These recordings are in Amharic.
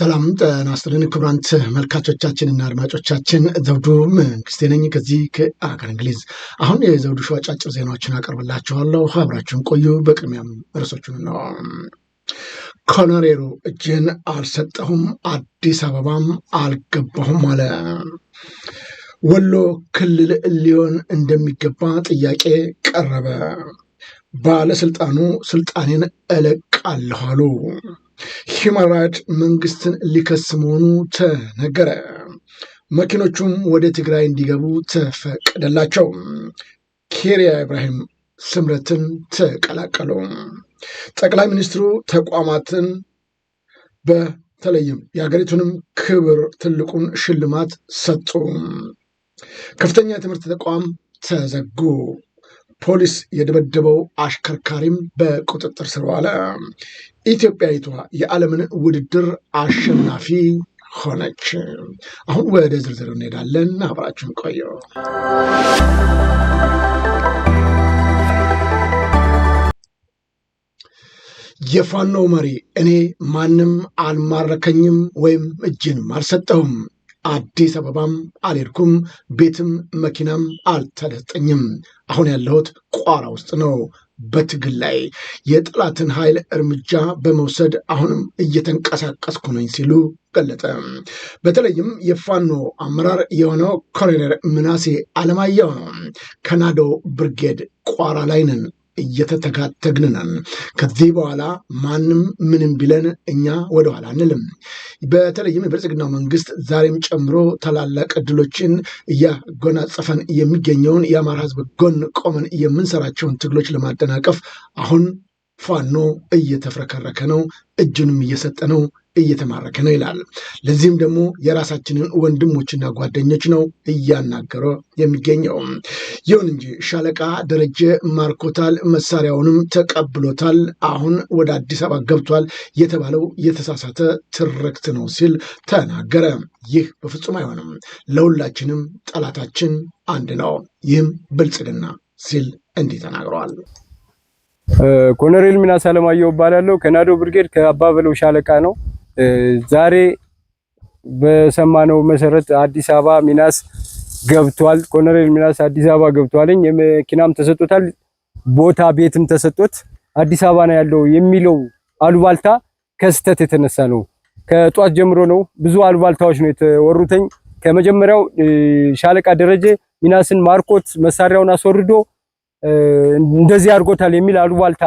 ሰላም ጤና ይስጥልን ክቡራን ተመልካቾቻችንና አድማጮቻችን ዘውዱ መንግስቴ ነኝ ከዚህ ከአገር እንግሊዝ። አሁን የዘውዱ ሾው አጫጭር ዜናዎችን አቀርብላችኋለሁ፣ አብራችሁን ቆዩ። በቅድሚያም ርዕሶቹን ነው። ኮሎኔሉ እጅን አልሰጠሁም አዲስ አበባም አልገባሁም አለ። ወሎ ክልል ሊሆን እንደሚገባ ጥያቄ ቀረበ። ባለስልጣኑ ስልጣኔን እለቃለሁ አሉ። ሂማራድ መንግስትን ሊከስ መሆኑ ተነገረ። መኪኖቹም ወደ ትግራይ እንዲገቡ ተፈቀደላቸው። ኬሪያ ኢብራሂም ስምረትን ተቀላቀሉ። ጠቅላይ ሚኒስትሩ ተቋማትን በተለይም የሀገሪቱንም ክብር ትልቁን ሽልማት ሰጡ። ከፍተኛ የትምህርት ተቋም ተዘጉ። ፖሊስ የደበደበው አሽከርካሪም በቁጥጥር ስር ዋለ። ኢትዮጵያዊቷ የዓለምን ውድድር አሸናፊ ሆነች። አሁን ወደ ዝርዝር እንሄዳለን። አብራችሁን ቆዩ። የፋኖ መሪ እኔ ማንም አልማረከኝም ወይም እጅንም አልሰጠሁም አዲስ አበባም አልሄድኩም። ቤትም መኪናም አልተለጠኝም። አሁን ያለሁት ቋራ ውስጥ ነው። በትግል ላይ የጠላትን ኃይል እርምጃ በመውሰድ አሁንም እየተንቀሳቀስኩ ነኝ ሲሉ ገለጠ። በተለይም የፋኖ አመራር የሆነው ኮሎኔል ምናሴ አለማየሁ ነው። ከናዶ ብርጌድ ቋራ ላይ ነን እየተተጋተግን ነን። ከዚህ በኋላ ማንም ምንም ቢለን እኛ ወደኋላ አንልም። በተለይም የብልጽግናው መንግስት ዛሬም ጨምሮ ታላላቅ እድሎችን እያጎናጸፈን የሚገኘውን የአማራ ህዝብ ጎን ቆመን የምንሰራቸውን ትግሎች ለማደናቀፍ አሁን ፋኖ እየተፍረከረከ ነው፣ እጁንም እየሰጠ ነው፣ እየተማረከ ነው ይላል። ለዚህም ደግሞ የራሳችንን ወንድሞችና ጓደኞች ነው እያናገረ የሚገኘው። ይሁን እንጂ ሻለቃ ደረጀ ማርኮታል፣ መሳሪያውንም ተቀብሎታል። አሁን ወደ አዲስ አበባ ገብቷል የተባለው የተሳሳተ ትርክት ነው ሲል ተናገረ። ይህ በፍጹም አይሆንም፣ ለሁላችንም ጠላታችን አንድ ነው፣ ይህም ብልጽግና ሲል እንዲህ ተናግረዋል። ኮሎኔል ሚናስ አለማየሁ እባላለሁ። ከናዶ ብርጌድ ከአባበለው ሻለቃ ነው። ዛሬ በሰማነው መሰረት አዲስ አበባ ሚናስ ገብቷል። ኮሎኔል ሚናስ አዲስ አበባ ገብቷልኝ የመኪናም ተሰጥቶታል፣ ቦታ ቤትም ተሰጥቶት አዲስ አበባ ነው ያለው የሚለው አሉባልታ ከስተት የተነሳ ነው። ከጧት ጀምሮ ነው ብዙ አሉባልታዎች ነው የተወሩተኝ። ከመጀመሪያው ሻለቃ ደረጀ ሚናስን ማርኮት መሳሪያውን አስወርዶ እንደዚህ አድርጎታል የሚል አሉባልታ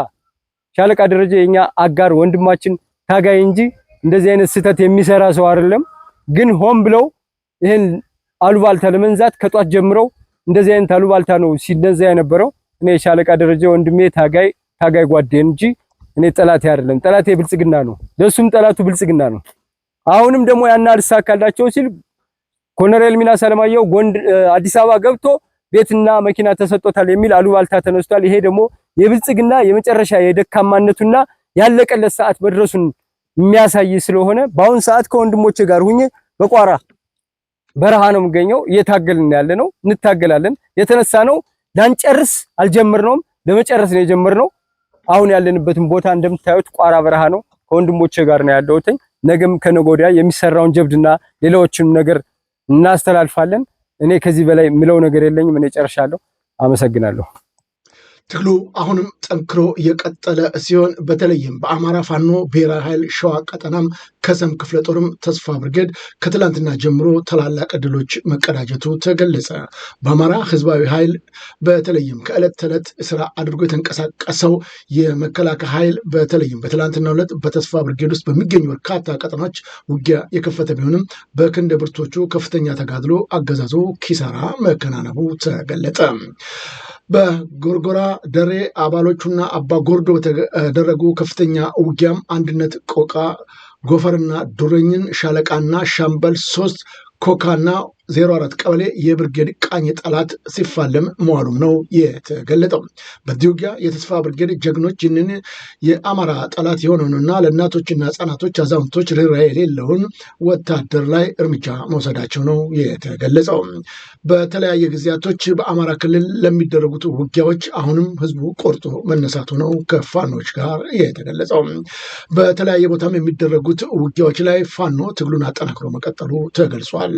ሻለቃ ደረጀ የኛ አጋር ወንድማችን ታጋይ እንጂ እንደዚህ አይነት ስህተት የሚሰራ ሰው አይደለም። ግን ሆን ብለው ይህን አሉባልታ ለመንዛት ከጧት ጀምረው እንደዚህ አይነት አሉባልታ ነው ሲነዛ የነበረው። እኔ ሻለቃ ደረጀ ወንድሜ ታጋይ ታጋይ ጓዴ እንጂ እኔ ጠላቴ አይደለም። ጠላቴ ብልጽግና ነው፣ ለሱም ጠላቱ ብልጽግና ነው። አሁንም ደግሞ ያና አልሳካላቸው ሲል ኮሎኔል ሚናስ አለማየሁ አዲስ አበባ ገብቶ ቤትና መኪና ተሰጥቶታል የሚል አሉባልታ ተነስቷል። ይሄ ደግሞ የብልጽግና የመጨረሻ የደካማነቱና ያለቀለት ሰዓት መድረሱን የሚያሳይ ስለሆነ በአሁን ሰዓት ከወንድሞቼ ጋር ሁኜ በቋራ በረሃ ነው የምገኘው። እየታገልን ያለ ነው፣ እንታገላለን። የተነሳ ነው ላንጨርስ አልጀመርነውም፣ ለመጨረስ ነው የጀመርነው። አሁን ያለንበትን ቦታ እንደምታዩት ቋራ በረሃ ነው። ከወንድሞቼ ጋር ነው ያለሁት። ነገም ከነገ ወዲያ የሚሰራውን ጀብድና ሌሎችም ነገር እናስተላልፋለን። እኔ ከዚህ በላይ ምለው ነገር የለኝም። እኔ ጨርሻለሁ። አመሰግናለሁ። ትግሉ አሁንም ጠንክሮ እየቀጠለ ሲሆን በተለይም በአማራ ፋኖ ብሔራዊ ኃይል ሸዋ ቀጠናም ከሰም ክፍለ ጦርም ተስፋ ብርጌድ ከትላንትና ጀምሮ ታላላቅ ድሎች መቀዳጀቱ ተገለጸ። በአማራ ህዝባዊ ኃይል በተለይም ከዕለት ተዕለት ስራ አድርጎ የተንቀሳቀሰው የመከላከያ ኃይል በተለይም በትላንትና ዕለት በተስፋ ብርጌድ ውስጥ በሚገኙ በርካታ ቀጠናዎች ውጊያ የከፈተ ቢሆንም በክንደ ብርቶቹ ከፍተኛ ተጋድሎ አገዛዙ ኪሳራ መከናነቡ ተገለጠ። በጎርጎራ ደሬ አባሎቹና አባ ጎርዶ በተደረጉ ከፍተኛ ውጊያም አንድነት ቆቃ ጎፈርና ዱረኝን ሻለቃና ሻምበል ሶስት ኮካና ዜሮ ቀበሌ የብርጌድ ቃኝ ጠላት ሲፋለም መዋሉም ነው የተገለጠው። በዚህ የተስፋ ብርጌድ ጀግኖች ይህንን የአማራ ጠላት የሆነውንና ለእናቶችና ህጻናቶች፣ አዛውንቶች ርኅራኄ የሌለውን ወታደር ላይ እርምጃ መውሰዳቸው ነው የተገለጸው። በተለያየ ጊዜያቶች በአማራ ክልል ለሚደረጉት ውጊያዎች አሁንም ህዝቡ ቆርጦ መነሳቱ ነው ከፋኖች ጋር የተገለጸው። በተለያየ ቦታም የሚደረጉት ውጊያዎች ላይ ፋኖ ትግሉን አጠናክሮ መቀጠሉ ተገልጿል።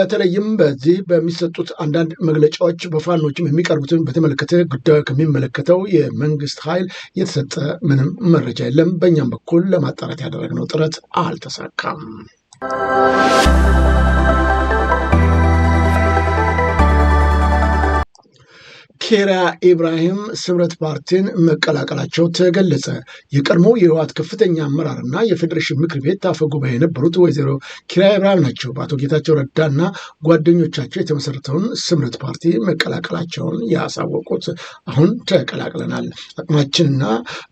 በተለይም በዚህ በሚሰጡት አንዳንድ መግለጫዎች በፋኖችም የሚቀርቡትን በተመለከተ ጉዳዩ ከሚመለከተው የመንግስት ኃይል የተሰጠ ምንም መረጃ የለም። በእኛም በኩል ለማጣራት ያደረግነው ጥረት አልተሳካም። ኬሪያ ኢብራሂም ስምረት ፓርቲን መቀላቀላቸው ተገለጸ። የቀድሞው የህወሓት ከፍተኛ አመራርና የፌዴሬሽን ምክር ቤት አፈ ጉባኤ የነበሩት ወይዘሮ ኬሪያ ኢብራሂም ናቸው በአቶ ጌታቸው ረዳና ጓደኞቻቸው የተመሰረተውን ስምረት ፓርቲ መቀላቀላቸውን ያሳወቁት። አሁን ተቀላቅለናል፣ አቅማችንና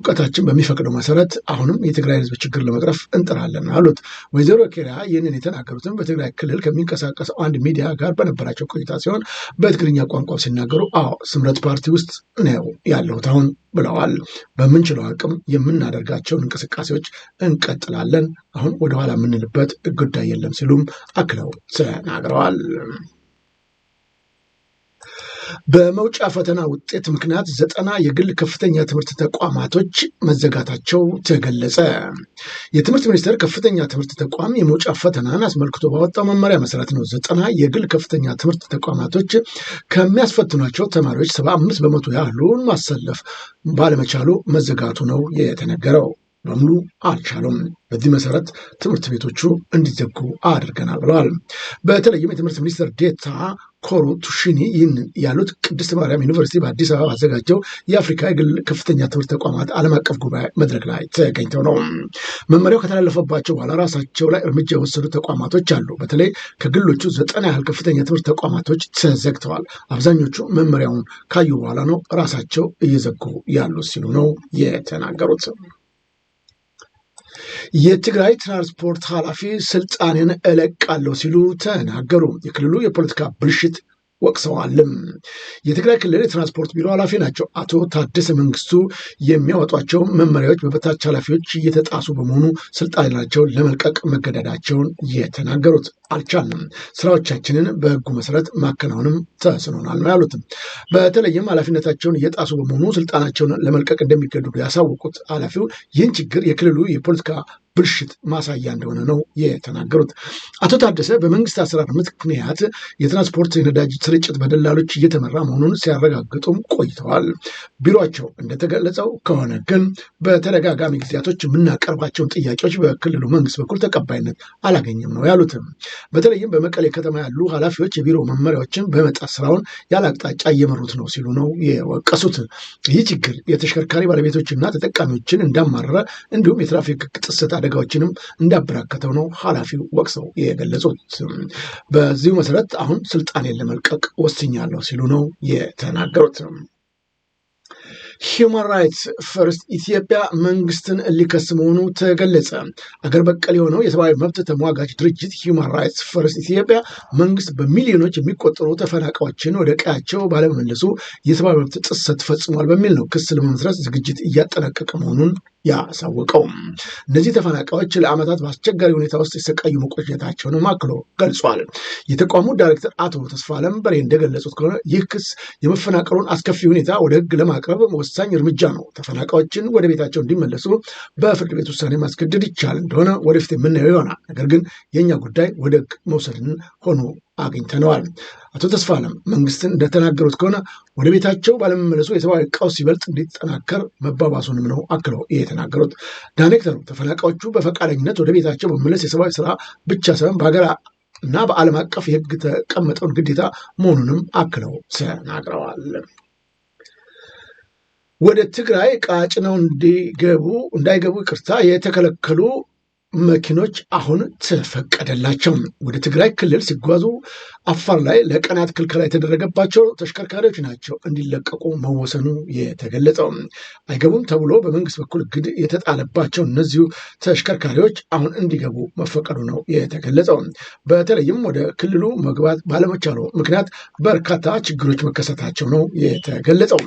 እውቀታችን በሚፈቅደው መሰረት አሁንም የትግራይ ህዝብ ችግር ለመቅረፍ እንጥራለን አሉት። ወይዘሮ ኬሪያ ይህንን የተናገሩትን በትግራይ ክልል ከሚንቀሳቀሰው አንድ ሚዲያ ጋር በነበራቸው ቆይታ ሲሆን በትግርኛ ቋንቋ ሲናገሩ አዎ ስምረት ፓርቲ ውስጥ ነው ያለሁት አሁን ብለዋል። በምንችለው አቅም የምናደርጋቸውን እንቅስቃሴዎች እንቀጥላለን። አሁን ወደኋላ የምንልበት ጉዳይ የለም ሲሉም አክለው ተናግረዋል። በመውጫ ፈተና ውጤት ምክንያት ዘጠና የግል ከፍተኛ ትምህርት ተቋማቶች መዘጋታቸው ተገለጸ። የትምህርት ሚኒስቴር ከፍተኛ ትምህርት ተቋም የመውጫ ፈተናን አስመልክቶ ባወጣው መመሪያ መሰረት ነው ዘጠና የግል ከፍተኛ ትምህርት ተቋማቶች ከሚያስፈትኗቸው ተማሪዎች ሰባ አምስት በመቶ ያህሉን ማሰለፍ ባለመቻሉ መዘጋቱ ነው የተነገረው። በሙሉ አልቻሉም። በዚህ መሰረት ትምህርት ቤቶቹ እንዲዘጉ አድርገናል ብለዋል። በተለይም የትምህርት ሚኒስትር ዴታ ቱሽኒ ይህን ያሉት ቅድስት ማርያም ዩኒቨርሲቲ በአዲስ አበባ ባዘጋጀው የአፍሪካ የግል ከፍተኛ ትምህርት ተቋማት ዓለም አቀፍ ጉባኤ መድረክ ላይ ተገኝተው ነው። መመሪያው ከተላለፈባቸው በኋላ ራሳቸው ላይ እርምጃ የወሰዱ ተቋማቶች አሉ። በተለይ ከግሎቹ ዘጠና ያህል ከፍተኛ ትምህርት ተቋማቶች ተዘግተዋል። አብዛኞቹ መመሪያውን ካዩ በኋላ ነው ራሳቸው እየዘጉ ያሉ ሲሉ ነው የተናገሩት። የትግራይ ትራንስፖርት ኃላፊ ስልጣኔን እለቃለሁ ሲሉ ተናገሩ። የክልሉ የፖለቲካ ብልሽት ወቅሰዋልም። የትግራይ ክልል የትራንስፖርት ቢሮ ኃላፊ ናቸው አቶ ታደሰ መንግስቱ የሚያወጧቸው መመሪያዎች በበታች ኃላፊዎች እየተጣሱ በመሆኑ ስልጣናቸውን ለመልቀቅ መገደዳቸውን የተናገሩት አልቻልንም። ስራዎቻችንን በህጉ መሰረት ማከናወንም ተስኖናል ነው ያሉትም። በተለይም ኃላፊነታቸውን እየጣሱ በመሆኑ ስልጣናቸውን ለመልቀቅ እንደሚገደዱ ያሳወቁት ኃላፊው ይህን ችግር የክልሉ የፖለቲካ ብልሽት ማሳያ እንደሆነ ነው የተናገሩት። አቶ ታደሰ በመንግስት አሰራር ምክንያት የትራንስፖርት የነዳጅ ስርጭት በደላሎች እየተመራ መሆኑን ሲያረጋግጡም ቆይተዋል። ቢሮቸው እንደተገለጸው ከሆነ ግን በተደጋጋሚ ጊዜያቶች የምናቀርባቸውን ጥያቄዎች በክልሉ መንግስት በኩል ተቀባይነት አላገኘም ነው ያሉትም። በተለይም በመቀሌ ከተማ ያሉ ኃላፊዎች የቢሮ መመሪያዎችን በመጣት ስራውን ያለ አቅጣጫ እየመሩት ነው ሲሉ ነው የወቀሱት። ይህ ችግር የተሽከርካሪ ባለቤቶችና ተጠቃሚዎችን እንዳማረረ እንዲሁም የትራፊክ ጥሰት አደጋዎችንም እንዳበራከተው ነው ኃላፊው ወቅሰው የገለጹት። በዚሁ መሰረት አሁን ስልጣኔን ለመልቀቅ ወስኛለሁ ሲሉ ነው የተናገሩት። ሂውማን ራይትስ ፈርስት ኢትዮጵያ መንግስትን ሊከስ መሆኑ ተገለጸ። አገር በቀል የሆነው የሰብአዊ መብት ተሟጋች ድርጅት ሂውማን ራይትስ ፈርስት ኢትዮጵያ መንግስት በሚሊዮኖች የሚቆጠሩ ተፈናቃዮችን ወደ ቀያቸው ባለመመለሱ የሰብአዊ መብት ጥሰት ፈጽሟል በሚል ነው ክስ ለመመስረት ዝግጅት እያጠናቀቀ መሆኑን ያሳወቀው። እነዚህ ተፈናቃዮች ለዓመታት በአስቸጋሪ ሁኔታ ውስጥ የሰቃዩ መቆየታቸውንም አክሎ ገልጿል። የተቋሙ ዳይሬክተር አቶ ተስፋ አለም እንደገለጹት ከሆነ ይህ ክስ የመፈናቀሉን አስከፊ ሁኔታ ወደ ህግ ለማቅረብ ወሳኝ እርምጃ ነው። ተፈናቃዮችን ወደ ቤታቸው እንዲመለሱ በፍርድ ቤት ውሳኔ ማስገደድ ይቻል እንደሆነ ወደፊት የምናየው ይሆናል። ነገር ግን የእኛ ጉዳይ ወደ ህግ መውሰድን ሆኖ አግኝተነዋል። አቶ ተስፋነም መንግስትን እንደተናገሩት ከሆነ ወደ ቤታቸው ባለመመለሱ የሰብአዊ ቀውስ ይበልጥ እንዲጠናከር መባባሱንም ነው አክለው ይህ የተናገሩት ዳይሬክተሩ። ተፈናቃዮቹ በፈቃደኝነት ወደ ቤታቸው በመመለስ የሰብአዊ ስራ ብቻ ሳይሆን በሀገር እና በዓለም አቀፍ የህግ ተቀመጠውን ግዴታ መሆኑንም አክለው ተናግረዋል። ወደ ትግራይ ቃጭነው እንዲገቡ እንዳይገቡ ይቅርታ የተከለከሉ መኪኖች አሁን ተፈቀደላቸው። ወደ ትግራይ ክልል ሲጓዙ አፋር ላይ ለቀናት ክልከላ የተደረገባቸው ተሽከርካሪዎች ናቸው እንዲለቀቁ መወሰኑ የተገለጸው። አይገቡም ተብሎ በመንግስት በኩል እግድ የተጣለባቸው እነዚሁ ተሽከርካሪዎች አሁን እንዲገቡ መፈቀዱ ነው የተገለጸው። በተለይም ወደ ክልሉ መግባት ባለመቻሉ ምክንያት በርካታ ችግሮች መከሰታቸው ነው የተገለጸው።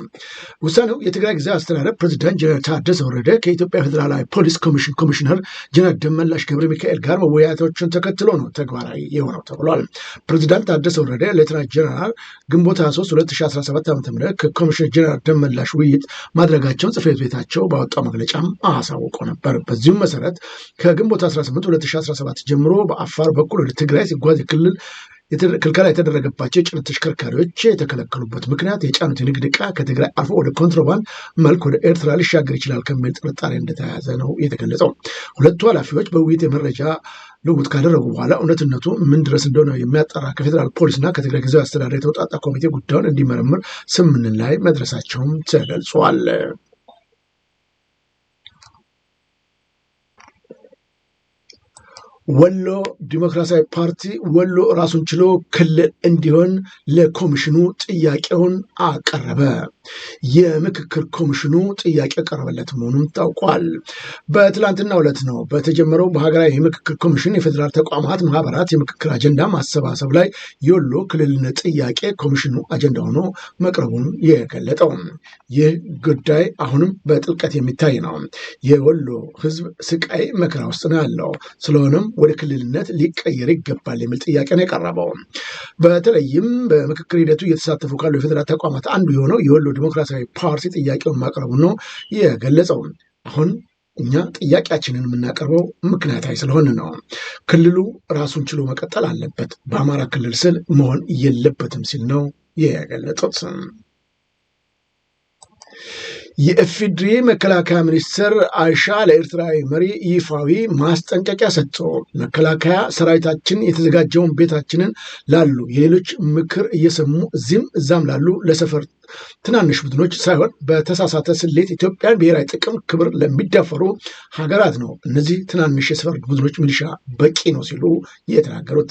ውሳኔው የትግራይ ጊዜ አስተዳደር ፕሬዚዳንት ጀነራል ታደሰ ወረደ ከኢትዮጵያ ፌዴራላዊ ፖሊስ ኮሚሽን ኮሚሽነር ጀነራል ደመላሽ ገብረ ሚካኤል ጋር መወያየቶችን ተከትሎ ነው ተግባራዊ የሆነው ተብሏል። ፕሬዚዳንት ታደሰ ወረደ ሌተናንት ጀነራል ግንቦት 23 2017 ዓ ም ከኮሚሽን ጀነራል ደመላሽ ውይይት ማድረጋቸውን ጽሕፈት ቤታቸው ባወጣው መግለጫም አሳውቆ ነበር። በዚሁም መሰረት ከግንቦት 18 2017 ጀምሮ በአፋር በኩል ወደ ትግራይ ሲጓዝ የክልል ክልከላ የተደረገባቸው የጭነት ተሽከርካሪዎች የተከለከሉበት ምክንያት የጫኑት የንግድ ዕቃ ከትግራይ አልፎ ወደ ኮንትሮባንድ መልክ ወደ ኤርትራ ሊሻገር ይችላል ከሚል ጥርጣሬ እንደተያያዘ ነው የተገለጸው። ሁለቱ ኃላፊዎች በውይይት የመረጃ ልውውጥ ካደረጉ በኋላ እውነትነቱ ምን ድረስ እንደሆነ የሚያጠራ ከፌዴራል ፖሊስና ከትግራይ ጊዜያዊ አስተዳደር የተውጣጣ ኮሚቴ ጉዳዩን እንዲመረምር ስምምነት ላይ መድረሳቸውም ተገልጿል። ወሎ ዲሞክራሲያዊ ፓርቲ ወሎ ራሱን ችሎ ክልል እንዲሆን ለኮሚሽኑ ጥያቄውን አቀረበ። የምክክር ኮሚሽኑ ጥያቄ ያቀረበለት መሆኑም ታውቋል። በትላንትና ዕለት ነው በተጀመረው በሀገራዊ የምክክር ኮሚሽን የፌዴራል ተቋማት ማህበራት የምክክር አጀንዳ ማሰባሰብ ላይ የወሎ ክልልነት ጥያቄ ኮሚሽኑ አጀንዳ ሆኖ መቅረቡን የገለጠው። ይህ ጉዳይ አሁንም በጥልቀት የሚታይ ነው። የወሎ ህዝብ ስቃይ መከራ ውስጥ ነው ያለው። ስለሆነም ወደ ክልልነት ሊቀየር ይገባል የሚል ጥያቄ ነው የቀረበው። በተለይም በምክክር ሂደቱ እየተሳተፉ ካሉ የፌዴራል ተቋማት አንዱ የሆነው የወሎ ዲሞክራሲያዊ ፓርቲ ጥያቄውን ማቅረቡ ነው የገለጸው። አሁን እኛ ጥያቄያችንን የምናቀርበው ምክንያታዊ ስለሆነ ነው። ክልሉ ራሱን ችሎ መቀጠል አለበት፣ በአማራ ክልል ስል መሆን የለበትም ሲል ነው የገለጡት። የኢፌዴሪ መከላከያ ሚኒስትር አይሻ ለኤርትራዊ መሪ ይፋዊ ማስጠንቀቂያ ሰጥቶ መከላከያ ሰራዊታችን የተዘጋጀውን ቤታችንን ላሉ የሌሎች ምክር እየሰሙ እዚህም እዛም ላሉ ለሰፈር ትናንሽ ቡድኖች ሳይሆን በተሳሳተ ስሌት ኢትዮጵያን ብሔራዊ ጥቅም ክብር ለሚዳፈሩ ሀገራት ነው። እነዚህ ትናንሽ የሰፈር ቡድኖች ሚሊሻ በቂ ነው ሲሉ የተናገሩት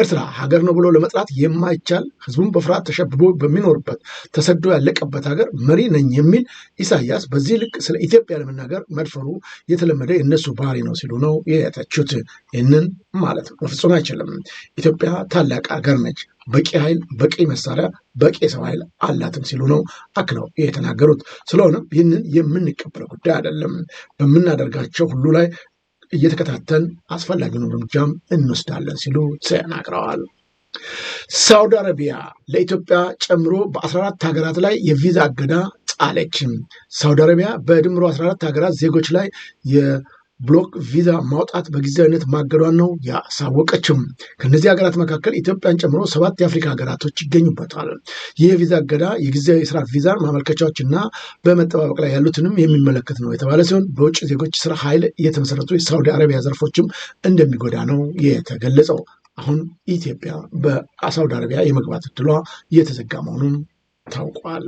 ኤርትራ ሀገር ነው ብሎ ለመጥራት የማይቻል ህዝቡን በፍርሃት ተሸብቦ በሚኖርበት ተሰዶ ያለቀበት ሀገር መሪ ነኝ የሚል ኢሳያስ በዚህ ልክ ስለ ኢትዮጵያ ለመናገር መድፈሩ የተለመደ የእነሱ ባህሪ ነው ሲሉ ነው የተቹት። ይህንን ማለት በፍጹም አይችልም። ኢትዮጵያ ታላቅ ሀገር ነች። በቂ ኃይል፣ በቂ መሳሪያ፣ በቂ የሰው ኃይል አላትም ሲሉ ነው አክለው የተናገሩት። ስለሆነም ይህንን የምንቀበለው ጉዳይ አይደለም። በምናደርጋቸው ሁሉ ላይ እየተከታተል አስፈላጊውን እርምጃም እንወስዳለን ሲሉ ተናግረዋል። ሳውዲ አረቢያ ለኢትዮጵያ ጨምሮ በ14 ሀገራት ላይ የቪዛ እገዳ ጣለችም። ሳውዲ አረቢያ በድምሮ 14 ሀገራት ዜጎች ላይ ብሎክ ቪዛ ማውጣት በጊዜያዊነት ማገዷን ነው ያሳወቀችም። ከእነዚህ ሀገራት መካከል ኢትዮጵያን ጨምሮ ሰባት የአፍሪካ ሀገራቶች ይገኙበታል። ይህ የቪዛ እገዳ የጊዜያዊ ስራ ቪዛን ማመልከቻዎችና በመጠባበቅ ላይ ያሉትንም የሚመለከት ነው የተባለ ሲሆን በውጭ ዜጎች ስራ ኃይል የተመሰረቱ የሳውዲ አረቢያ ዘርፎችም እንደሚጎዳ ነው የተገለጸው። አሁን ኢትዮጵያ በሳውዲ አረቢያ የመግባት እድሏ እየተዘጋ መሆኑን ታውቋል።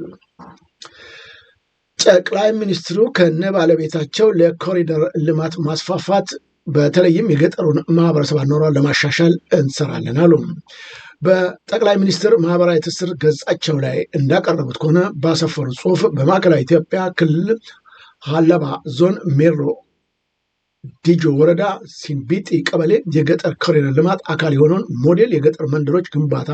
ጠቅላይ ሚኒስትሩ ከነ ባለቤታቸው ለኮሪደር ልማት ማስፋፋት በተለይም የገጠሩን ማህበረሰብ አኗኗር ለማሻሻል እንሰራለን አሉ። በጠቅላይ ሚኒስትር ማህበራዊ ትስስር ገጻቸው ላይ እንዳቀረቡት ከሆነ ባሰፈሩ ጽሁፍ በማዕከላዊ ኢትዮጵያ ክልል ሀለባ ዞን ሜሮ ዲጆ ወረዳ ሲምቢጢ ቀበሌ የገጠር ኮሪደር ልማት አካል የሆነውን ሞዴል የገጠር መንደሮች ግንባታ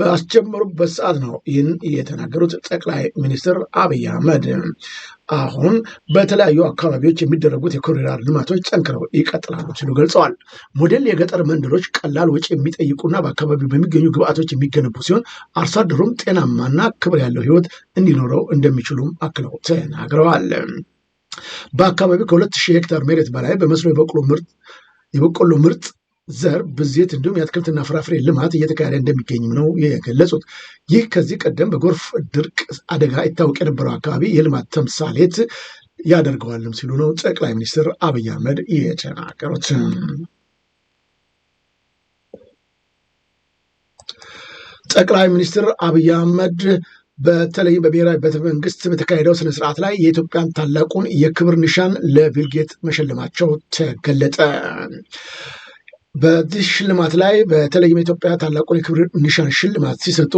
ባስጀመሩበት ሰዓት ነው ይህን የተናገሩት ጠቅላይ ሚኒስትር አብይ አህመድ። አሁን በተለያዩ አካባቢዎች የሚደረጉት የኮሪደር ልማቶች ጠንክረው ይቀጥላሉ ሲሉ ገልጸዋል። ሞዴል የገጠር መንደሮች ቀላል ወጪ የሚጠይቁና በአካባቢው በሚገኙ ግብአቶች የሚገነቡ ሲሆን አርሶ አደሩም ጤናማና ክብር ያለው ሕይወት እንዲኖረው እንደሚችሉም አክለው ተናግረዋል። በአካባቢው ከሁለት ሺህ ሄክታር መሬት በላይ በመስኖ የበቆሎ ምርጥ ዘር ብዜት እንዲሁም የአትክልትና ፍራፍሬ ልማት እየተካሄደ እንደሚገኝም ነው የገለጹት። ይህ ከዚህ ቀደም በጎርፍ ድርቅ አደጋ ይታወቅ የነበረው አካባቢ የልማት ተምሳሌት ያደርገዋልም ሲሉ ነው ጠቅላይ ሚኒስትር አብይ አህመድ የተናገሩት። ጠቅላይ ሚኒስትር አብይ አህመድ በተለይም በብሔራዊ መንግስት በተካሄደው ስነስርዓት ላይ የኢትዮጵያን ታላቁን የክብር ኒሻን ለቢልጌት መሸለማቸው ተገለጠ። በዚህ ሽልማት ላይ በተለይም ኢትዮጵያ ታላቁን የክብር ኒሻን ሽልማት ሲሰጡ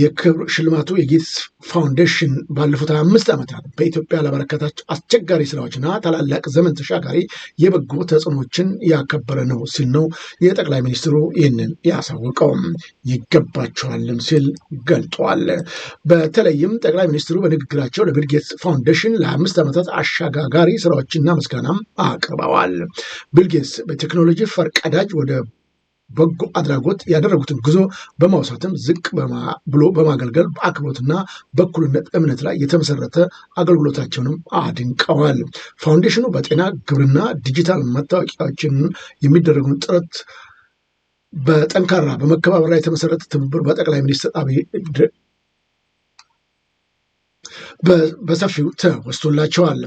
የክብር ሽልማቱ የጌትስ ፋውንዴሽን ባለፉት አምስት ዓመታት በኢትዮጵያ ለበረከታቸው አስቸጋሪ ስራዎችና ታላላቅ ዘመን ተሻጋሪ የበጎ ተጽዕኖችን ያከበረ ነው ሲል ነው የጠቅላይ ሚኒስትሩ ይህንን ያሳወቀው። ይገባቸዋልም ሲል ገልጧል። በተለይም ጠቅላይ ሚኒስትሩ በንግግራቸው ለቢል ጌትስ ፋውንዴሽን ለአምስት ዓመታት አሸጋጋሪ ስራዎችና ምስጋናም አቅርበዋል። ቢል ጌትስ በቴክኖሎጂ ፈርቀዳ ወዳጅ ወደ በጎ አድራጎት ያደረጉትን ጉዞ በማውሳትም ዝቅ ብሎ በማገልገል በአክብሮትና በእኩልነት እምነት ላይ የተመሰረተ አገልግሎታቸውንም አድንቀዋል። ፋውንዴሽኑ በጤና ግብርና፣ ዲጂታል መታወቂያዎችን የሚደረጉን ጥረት በጠንካራ በመከባበር ላይ የተመሰረተ ትብብር በጠቅላይ ሚኒስትር አብይ በሰፊው ተወስቶላቸዋል።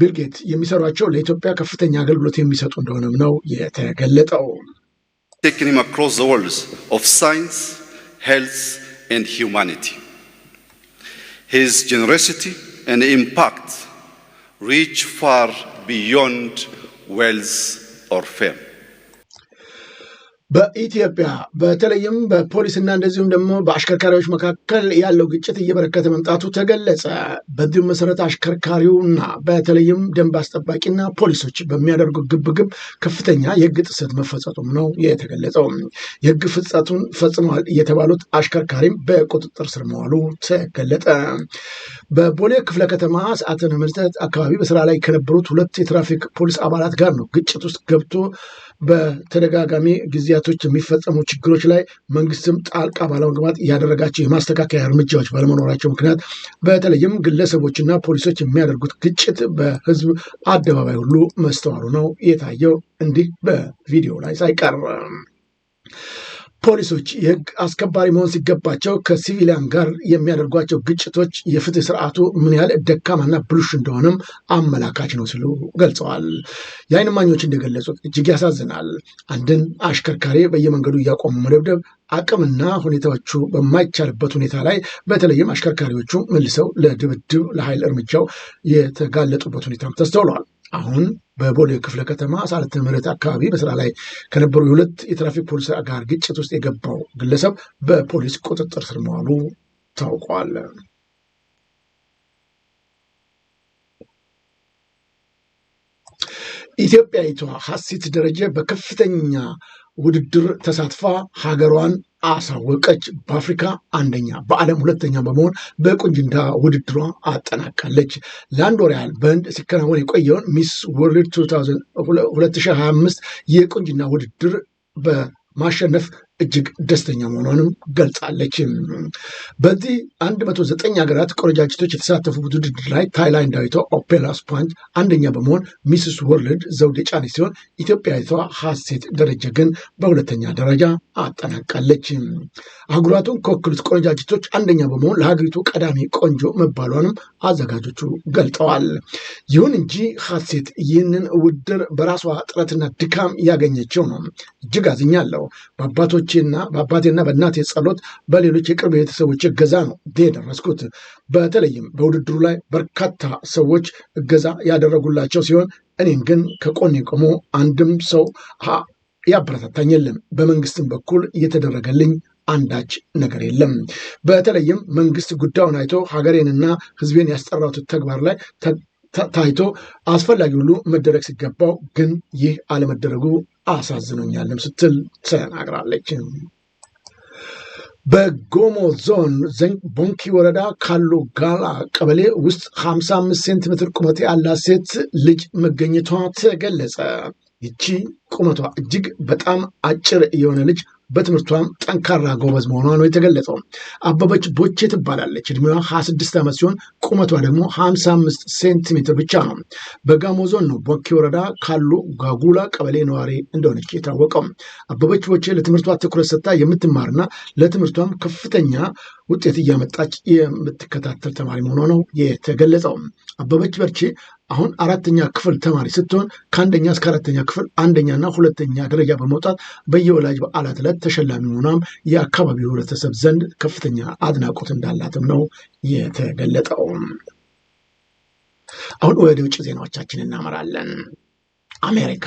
ቢልጌት የሚሰሯቸው ለኢትዮጵያ ከፍተኛ አገልግሎት የሚሰጡ እንደሆነም ነው የተገለጠው። ኢምፓክት ሪች ፋር ቢዮንድ ዌልዝ ኦር ፌም በኢትዮጵያ በተለይም በፖሊስና እንደዚሁም ደግሞ በአሽከርካሪዎች መካከል ያለው ግጭት እየበረከተ መምጣቱ ተገለጸ። በዚሁም መሰረት አሽከርካሪውና በተለይም ደንብ አስጠባቂና ፖሊሶች በሚያደርጉ ግብግብ ከፍተኛ የህግ ጥሰት መፈጸቱም ነው የተገለጸው። የህግ ፍጸቱን ፈጽመዋል የተባሉት አሽከርካሪም በቁጥጥር ስር መዋሉ ተገለጠ። በቦሌ ክፍለ ከተማ ሰዓትን መስጠት አካባቢ በስራ ላይ ከነበሩት ሁለት የትራፊክ ፖሊስ አባላት ጋር ነው ግጭት ውስጥ ገብቶ በተደጋጋሚ ጊዜያቶች የሚፈጸሙ ችግሮች ላይ መንግስትም ጣልቃ ባለመግባት ያደረጋቸው የማስተካከያ እርምጃዎች ባለመኖራቸው ምክንያት በተለይም ግለሰቦችና ፖሊሶች የሚያደርጉት ግጭት በህዝብ አደባባይ ሁሉ መስተዋሉ ነው የታየው። እንዲህ በቪዲዮ ላይ ሳይቀር ፖሊሶች የህግ አስከባሪ መሆን ሲገባቸው ከሲቪሊያን ጋር የሚያደርጓቸው ግጭቶች የፍትህ ስርዓቱ ምን ያህል ደካማና ብሉሽ እንደሆነም አመላካች ነው ሲሉ ገልጸዋል። የአይን እማኞች እንደገለጹት እጅግ ያሳዝናል። አንድን አሽከርካሪ በየመንገዱ እያቆሙ መደብደብ አቅምና ሁኔታዎቹ በማይቻልበት ሁኔታ ላይ በተለይም አሽከርካሪዎቹ መልሰው ለድብድብ ለኃይል እርምጃው የተጋለጡበት ሁኔታም ተስተውለዋል። አሁን በቦሌ ክፍለ ከተማ አስራአራት ምህረት አካባቢ በስራ ላይ ከነበሩ የሁለት የትራፊክ ፖሊስ ጋር ግጭት ውስጥ የገባው ግለሰብ በፖሊስ ቁጥጥር ስር መዋሉ ታውቋል። ኢትዮጵያዊቷ ሀሴት ደረጀ በከፍተኛ ውድድር ተሳትፋ ሀገሯን አሳወቀች። በአፍሪካ አንደኛ፣ በዓለም ሁለተኛ በመሆን በቁንጅና ውድድሯ አጠናቃለች። ለአንድ ወር ያህል በህንድ ሲከናወን የቆየውን ሚስ ወርልድ 2025 የቁንጅና ውድድር በማሸነፍ እጅግ ደስተኛ መሆኗንም ገልጻለች። በዚህ 109 ሀገራት ቆነጃጅቶች የተሳተፉበት ውድድር ላይ ታይላንዳዊቷ ኦፔላ ስፓንጅ አንደኛ በመሆን ሚስስ ወርልድ ዘውድ የጫነች ሲሆን ኢትዮጵያዊቷ ሀሴት ደረጀ ግን በሁለተኛ ደረጃ አጠናቃለች። አህጉራቱን ከወክሉት ቆነጃጅቶች አንደኛ በመሆን ለሀገሪቱ ቀዳሚ ቆንጆ መባሏንም አዘጋጆቹ ገልጠዋል። ይሁን እንጂ ሀሴት ይህንን ውድድር በራሷ ጥረትና ድካም ያገኘችው ነው። እጅግ አዝኛለሁ በአባቶች በአባቶቼና በአባቴና በእናቴ ጸሎት፣ በሌሎች የቅርብ ቤተሰቦች እገዛ ነው የደረስኩት። በተለይም በውድድሩ ላይ በርካታ ሰዎች እገዛ ያደረጉላቸው ሲሆን እኔን ግን ከቆኔ ቆሞ አንድም ሰው ያበረታታኝ የለም። በመንግስትም በኩል እየተደረገልኝ አንዳች ነገር የለም። በተለይም መንግስት ጉዳዩን አይቶ ሀገሬንና ህዝቤን ያስጠራሁት ተግባር ላይ ታይቶ አስፈላጊ ሁሉ መደረግ ሲገባው ግን ይህ አለመደረጉ አሳዝኖኛልም ስትል ተናግራለች። በጎሞ ዞን ቦንኪ ወረዳ ካሉ ጋላ ቀበሌ ውስጥ 55 ሴንቲሜትር ቁመት ያላት ሴት ልጅ መገኘቷ ተገለጸ። ይቺ ቁመቷ እጅግ በጣም አጭር የሆነ ልጅ በትምህርቷም ጠንካራ ጎበዝ መሆኗ ነው የተገለጸው። አበበች ቦቼ ትባላለች። እድሜዋ 26 ዓመት ሲሆን ቁመቷ ደግሞ 55 ሴንቲሜትር ብቻ ነው። በጋሞ ዞን ነው ቦኬ ወረዳ ካሉ ጋጉላ ቀበሌ ነዋሪ እንደሆነች የታወቀው። አበበች ቦቼ ለትምህርቷ ትኩረት ሰጥታ የምትማርና ለትምህርቷም ከፍተኛ ውጤት እያመጣች የምትከታተል ተማሪ መሆኗ ነው የተገለጸው። አበበች በርቼ አሁን አራተኛ ክፍል ተማሪ ስትሆን ከአንደኛ እስከ አራተኛ ክፍል አንደኛና ሁለተኛ ደረጃ በመውጣት በየወላጅ በዓላት ዕለት ተሸላሚ ሆኗም የአካባቢው ህብረተሰብ ዘንድ ከፍተኛ አድናቆት እንዳላትም ነው የተገለጠው። አሁን ወደ ውጭ ዜናዎቻችን እናመራለን። አሜሪካ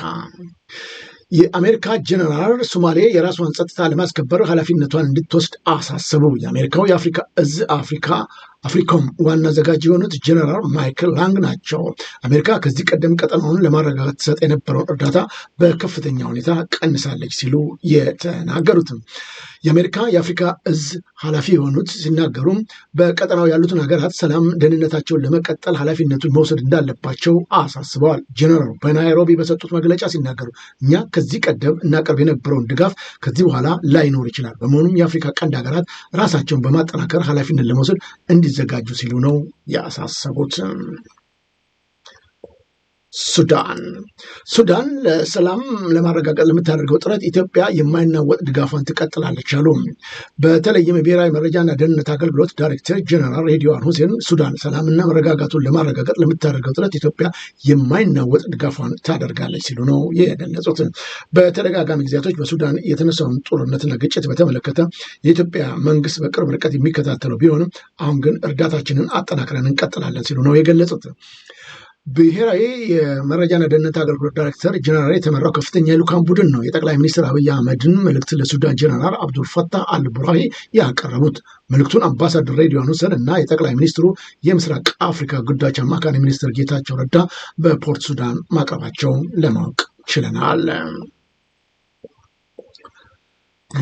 የአሜሪካ ጀነራል ሶማሌ የራሷን ጸጥታ ለማስከበር ኃላፊነቷን እንድትወስድ አሳሰቡ። የአሜሪካው የአፍሪካ እዝ አፍሪካ አፍሪኮም ዋና አዘጋጅ የሆኑት ጀነራል ማይክል ላንግ ናቸው። አሜሪካ ከዚህ ቀደም ቀጠናውን ለማረጋጋት ትሰጥ የነበረውን እርዳታ በከፍተኛ ሁኔታ ቀንሳለች ሲሉ የተናገሩትም የአሜሪካ የአፍሪካ እዝ ኃላፊ የሆኑት ሲናገሩም በቀጠናው ያሉትን ሀገራት ሰላም፣ ደህንነታቸውን ለመቀጠል ኃላፊነቱን መውሰድ እንዳለባቸው አሳስበዋል። ጀነራሉ በናይሮቢ በሰጡት መግለጫ ሲናገሩ እኛ ከዚህ ቀደም እናቀርብ የነበረውን ድጋፍ ከዚህ በኋላ ላይኖር ይችላል። በመሆኑም የአፍሪካ ቀንድ ሀገራት ራሳቸውን በማጠናከር ኃላፊነት ለመውሰድ እንዲ ሊዘጋጁ ሲሉ ነው ያሳሰቡት። ሱዳን ሱዳን ለሰላም ለማረጋገጥ ለምታደርገው ጥረት ኢትዮጵያ የማይናወጥ ድጋፏን ትቀጥላለች አሉ። በተለይም የብሔራዊ መረጃና ደህንነት አገልግሎት ዳይሬክተር ጀነራል ሬድዋን ሁሴን ሱዳን ሰላምና መረጋጋቱን ለማረጋገጥ ለምታደርገው ጥረት ኢትዮጵያ የማይናወጥ ድጋፏን ታደርጋለች ሲሉ ነው የገለጹት። በተደጋጋሚ ጊዜያቶች በሱዳን የተነሳውን ጦርነትና ግጭት በተመለከተ የኢትዮጵያ መንግስት በቅርብ ርቀት የሚከታተለው ቢሆንም አሁን ግን እርዳታችንን አጠናክረን እንቀጥላለን ሲሉ ነው የገለጹት። ብሔራዊ የመረጃና ደህንነት አገልግሎት ዳይሬክተር ጀነራል የተመራው ከፍተኛ የልዑካን ቡድን ነው የጠቅላይ ሚኒስትር አብይ አህመድን መልእክት ለሱዳን ጀነራል አብዱልፈታህ አልቡራሂ ያቀረቡት። መልእክቱን አምባሳደር ሬድዋን ሁሴን እና የጠቅላይ ሚኒስትሩ የምስራቅ አፍሪካ ጉዳዮች አማካሪ ሚኒስትር ጌታቸው ረዳ በፖርት ሱዳን ማቅረባቸው ለማወቅ ችለናል።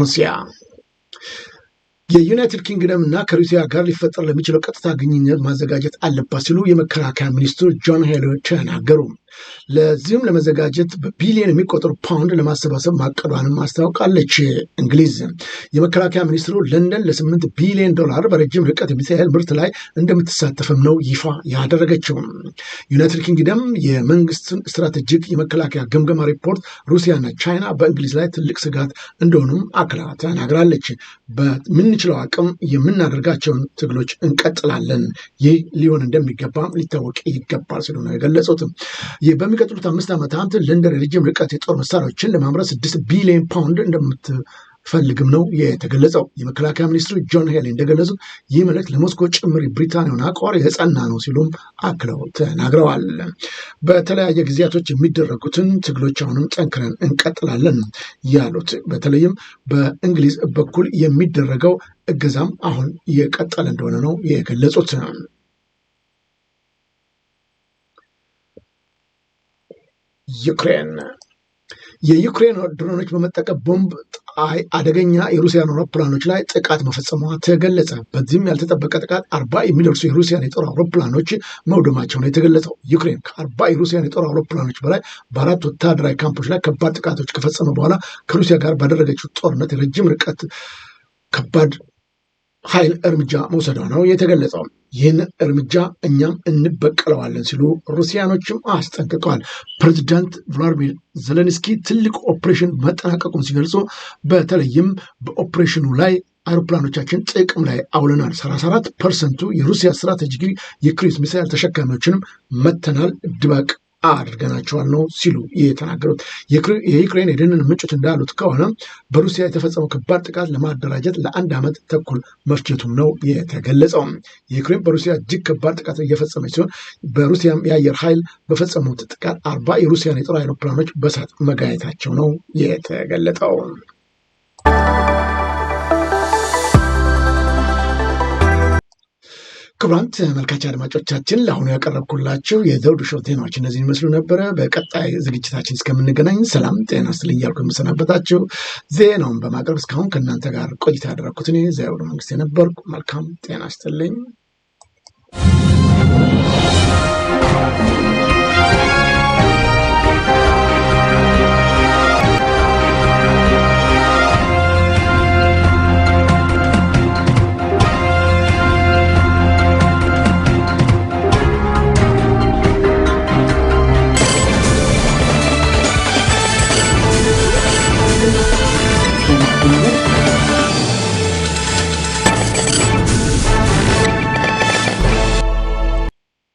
ሩሲያ የዩናይትድ ኪንግደም እና ከሩሲያ ጋር ሊፈጠር ለሚችለው ቀጥታ ግንኙነት ማዘጋጀት አለባት ሲሉ የመከላከያ ሚኒስትሩ ጆን ሄሎ ተናገሩ። ለዚህም ለመዘጋጀት በቢሊዮን የሚቆጠሩ ፓውንድ ለማሰባሰብ ማቀዷንም አስታውቃለች። እንግሊዝ የመከላከያ ሚኒስትሩ ለንደን ለስምንት ቢሊዮን ዶላር በረጅም ርቀት የሚሳኤል ምርት ላይ እንደምትሳተፍም ነው ይፋ ያደረገችው። ዩናይትድ ኪንግደም የመንግስትን ስትራቴጂክ የመከላከያ ግምገማ ሪፖርት ሩሲያና ቻይና በእንግሊዝ ላይ ትልቅ ስጋት እንደሆኑም አክላ ተናግራለች። በምንችለው አቅም የምናደርጋቸውን ትግሎች እንቀጥላለን። ይህ ሊሆን እንደሚገባ ሊታወቅ ይገባል ሲሉ ነው የገለጹትም። ይህ በሚቀጥሉት አምስት ዓመታት ለንደን የረጅም ርቀት የጦር መሳሪያዎችን ለማምረት ስድስት ቢሊዮን ፓውንድ እንደምት ፈልግም ነው የተገለጸው። የመከላከያ ሚኒስትር ጆን ሄሊ እንደገለጹት ይህ መልእክት ለሞስኮ ጭምር ብሪታንያውን አቋር የጸና ነው ሲሉም አክለው ተናግረዋል። በተለያየ ጊዜያቶች የሚደረጉትን ትግሎች አሁንም ጠንክረን እንቀጥላለን ያሉት በተለይም በእንግሊዝ በኩል የሚደረገው እገዛም አሁን የቀጠለ እንደሆነ ነው የገለጹት። ዩክሬን የዩክሬን ድሮኖች በመጠቀም ቦምብ ጣይ አደገኛ የሩሲያን አውሮፕላኖች ላይ ጥቃት መፈጸሟ ተገለጸ። በዚህም ያልተጠበቀ ጥቃት አርባ የሚደርሱ የሩሲያን የጦር አውሮፕላኖች መውደማቸው ነው የተገለጸው። ዩክሬን ከአርባ የሩሲያን የጦር አውሮፕላኖች በላይ በአራት ወታደራዊ ካምፖች ላይ ከባድ ጥቃቶች ከፈጸመ በኋላ ከሩሲያ ጋር ባደረገችው ጦርነት የረጅም ርቀት ከባድ ኃይል እርምጃ መውሰዷ ነው የተገለጸው። ይህን እርምጃ እኛም እንበቀለዋለን ሲሉ ሩሲያኖችም አስጠንቅቀዋል። ፕሬዚዳንት ቭላዲሚር ዘለንስኪ ትልቅ ኦፕሬሽን መጠናቀቁን ሲገልጹ በተለይም በኦፕሬሽኑ ላይ አውሮፕላኖቻችን ጥቅም ላይ አውለናል፣ 34 ፐርሰንቱ የሩሲያ ስትራቴጂክ የክሩዝ ሚሳይል ተሸካሚዎችንም መተናል ድባቅ አድርገናቸዋል ነው ሲሉ የተናገሩት። የዩክሬን የደህንነት ምንጮች እንዳሉት ከሆነ በሩሲያ የተፈጸመው ከባድ ጥቃት ለማደራጀት ለአንድ ዓመት ተኩል መፍጀቱም ነው የተገለጸው። የዩክሬን በሩሲያ እጅግ ከባድ ጥቃት እየፈጸመች ሲሆን በሩሲያም የአየር ኃይል በፈጸሙት ጥቃት አርባ የሩሲያን የጦር አይሮፕላኖች በእሳት መጋየታቸው ነው የተገለጠው። ክቡራን ተመልካች አድማጮቻችን ለአሁኑ ያቀረብኩላችሁ የዘውዱ ሾው ዜናዎች እነዚህ ይመስሉ ነበረ። በቀጣይ ዝግጅታችን እስከምንገናኝ ሰላም ጤና ይስጥልኝ እያልኩ የምሰናበታችሁ ዜናውን በማቅረብ እስካሁን ከእናንተ ጋር ቆይታ ያደረግኩት እኔ ዘውዱ መንግስት የነበርኩ መልካም ጤና ይስጥልኝ።